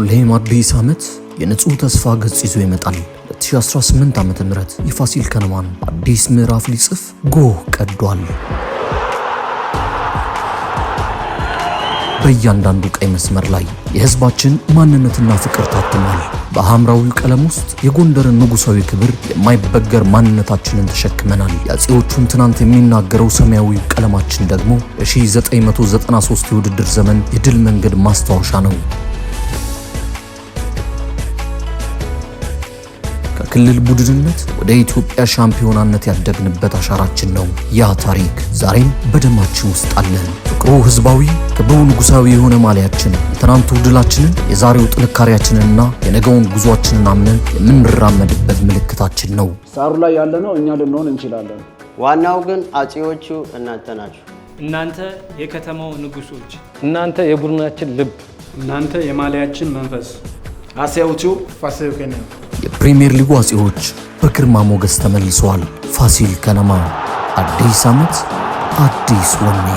ሁሌም አዲስ ዓመት የንጹህ ተስፋ ገጽ ይዞ ይመጣል። 2018 ዓ ም የፋሲል ከነማን አዲስ ምዕራፍ ሊጽፍ ጎህ ቀዷል። በእያንዳንዱ ቀይ መስመር ላይ የህዝባችን ማንነትና ፍቅር ታትሟል። በሐምራዊው ቀለም ውስጥ የጎንደርን ንጉሳዊ ክብር፣ የማይበገር ማንነታችንን ተሸክመናል። የአፄዎቹን ትናንት የሚናገረው ሰማያዊው ቀለማችን ደግሞ የ1993 የውድድር ዘመን የድል መንገድ ማስታወሻ ነው። ከክልል ቡድንነት ወደ ኢትዮጵያ ሻምፒዮናነት ያደግንበት አሻራችን ነው። ያ ታሪክ ዛሬም በደማችን ውስጥ አለ። ፍቅሩ ህዝባዊ፣ ክብሩ ንጉሳዊ የሆነ ማሊያችን የትናንቱ ድላችንን፣ የዛሬው ጥንካሬያችንንና የነገውን ጉዟችንን አምነን የምንራመድበት ምልክታችን ነው። ሳሩ ላይ ያለነው እኛ ልንሆን እንችላለን። ዋናው ግን አጼዎቹ እናንተ ናችሁ። እናንተ የከተማው ንጉሶች፣ እናንተ የቡድናችን ልብ፣ እናንተ የማሊያችን መንፈስ። አጼዎቹ ፋሲል የፕሪሚየር ሊጉ አጼዎች በግርማ ሞገስ ተመልሰዋል። ፋሲል ከነማ አዲስ ዓመት አዲስ ወኔ